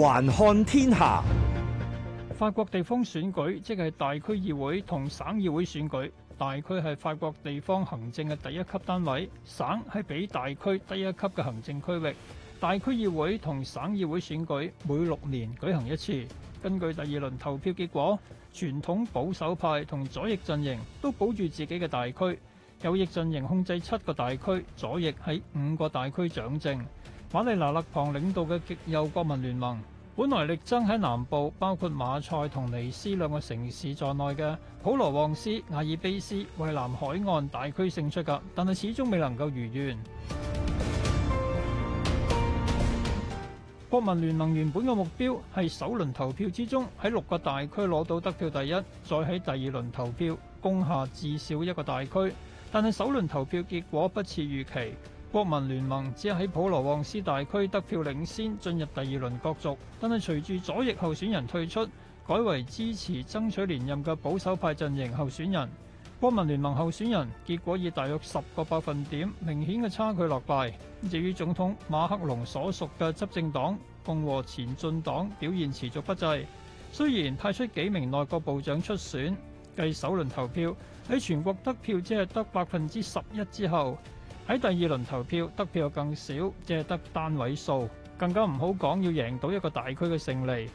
環看天下，法國地方選舉即係大區議會同省議會選舉。大區係法國地方行政嘅第一級單位，省係比大區低一級嘅行政區域。大區議會同省議會選舉每六年舉行一次。根據第二輪投票結果，傳統保守派同左翼陣營都保住自己嘅大區，右翼陣營控制七個大區，左翼喺五個大區掌政。瑪麗娜勒龐領導嘅極右國民聯盟，本來力爭喺南部，包括馬賽同尼斯兩個城市在內嘅普羅旺斯亞爾卑斯蔚藍海岸大區勝出嘅，但係始終未能夠如願。 國民聯盟原本嘅目標係首輪投票之中喺六個大區攞到得票第一，再喺第二輪投票攻下至少一個大區，但係首輪投票結果不似預期。國民聯盟只係喺普羅旺斯大區得票領先，進入第二輪角逐，但係隨住左翼候選人退出，改為支持爭取連任嘅保守派陣營候選人，國民聯盟候選人結果以大約十個百分點明顯嘅差距落敗。至於總統馬克龍所屬嘅執政黨共和前進黨表現持續不濟，雖然派出幾名內閣部長出選，繼首輪投票喺全國得票只係得百分之十一之後，喺第二輪投票得票又更少，只係得單位數，更加唔好講要贏到一個大區嘅勝利。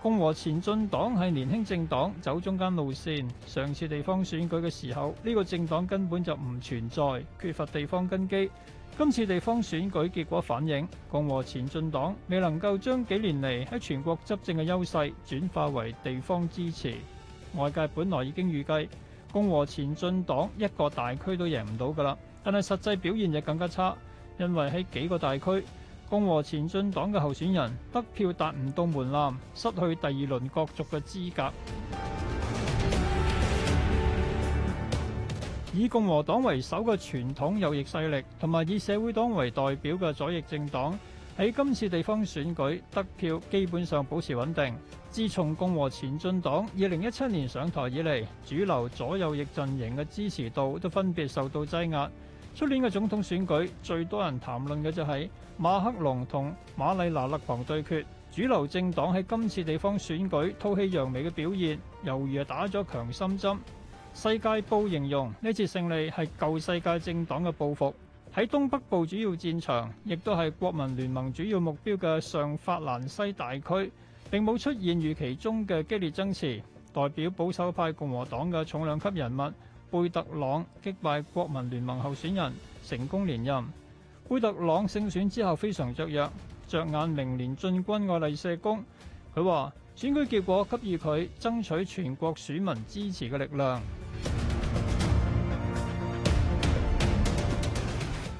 共和前進黨係年輕政黨，走中間路線。上次地方選舉嘅時候，呢個政黨根本就唔存在，缺乏地方根基。今次地方選舉結果反映，共和前進黨未能夠將幾年嚟喺全國執政嘅優勢轉化為地方支持。外界本來已經預計共和前進黨一個大區都贏唔到㗎啦。但係實際表現亦更加差，因為喺幾個大區，共和前進黨嘅候選人得票達唔到門檻，失去第二輪角逐嘅資格。以共和黨為首嘅傳統右翼勢力，同埋以社會黨為代表嘅左翼政黨，喺今次地方選舉得票基本上保持穩定。自從共和前進黨二零一七年上台以嚟，主流左右翼陣營嘅支持度都分別受到擠壓。出年嘅總統選舉最多人談論嘅就係馬克龍同瑪麗娜勒龐對決，主流政黨喺今次地方選舉吐氣揚眉嘅表現，猶如係打咗強心針。《世界報》形容呢次勝利係舊世界政黨嘅報復。喺東北部主要戰場，亦都係國民聯盟主要目標嘅上法蘭西大區，並冇出現預期中嘅激烈爭持。代表保守派共和黨嘅重量級人物貝特朗擊敗國民聯盟候選人，成功連任。貝特朗勝選之後非常雀躍，着眼明年進軍愛麗舍宮。佢話選舉結果給予佢爭取全國選民支持嘅力量。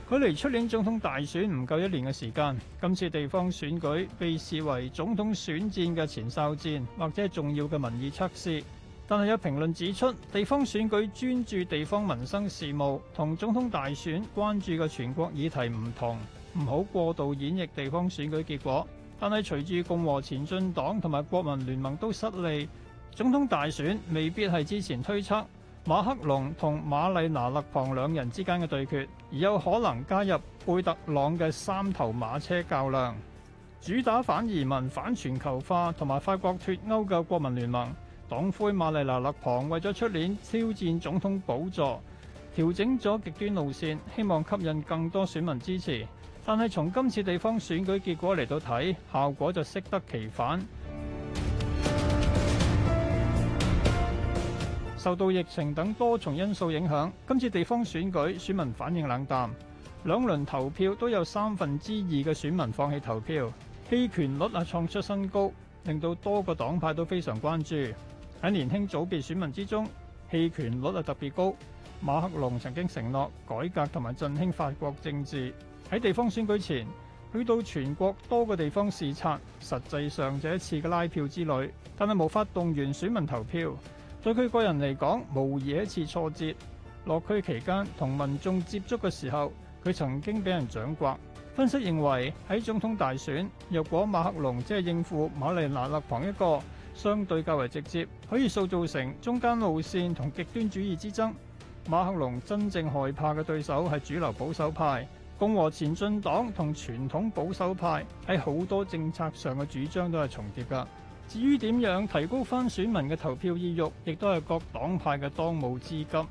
距離出年總統大選唔夠一年嘅時間，今次地方選舉被視為總統選戰嘅前哨戰，或者重要嘅民意測試。但係有評論指出，地方選舉專注地方民生事務，同總統大選關注嘅全國議題唔同，唔好過度演繹地方選舉結果。但係隨住共和前進黨同埋國民聯盟都失利，總統大選未必係之前推測馬克龍同瑪麗娜勒龐兩人之間嘅對決，而有可能加入貝特朗嘅三頭馬車較量，主打反移民、反全球化同埋法國脱歐嘅國民聯盟。黨魁瑪麗娜勒龐為咗出年挑戰總統寶座，調整咗極端路線，希望吸引更多選民支持。但係從今次地方選舉結果嚟到睇，效果就適得其反。受到疫情等多重因素影響，今次地方選舉選民反應冷淡，兩輪投票都有三分之二嘅選民放棄投票，棄權率啊創出新高，令到多個黨派都非常關注。喺年輕組別選民之中，棄權率啊特別高。馬克龍曾經承諾改革同埋振興法國政治，喺地方選舉前去到全國多個地方視察，實際上這一次嘅拉票之旅，但係無法動員選民投票。對佢個人嚟講，無疑一次挫折。落區期間同民眾接觸嘅時候，佢曾經俾人掌摑。分析認為喺總統大選，若果馬克龍只係應付瑪麗娜勒龐一個。相對較為直接，可以塑造成中間路線同極端主義之爭。馬克龍真正害怕嘅對手係主流保守派、共和前進黨同傳統保守派，喺好多政策上嘅主張都係重疊㗎。至於點樣提高翻選民嘅投票意欲，亦都係各黨派嘅當務之急。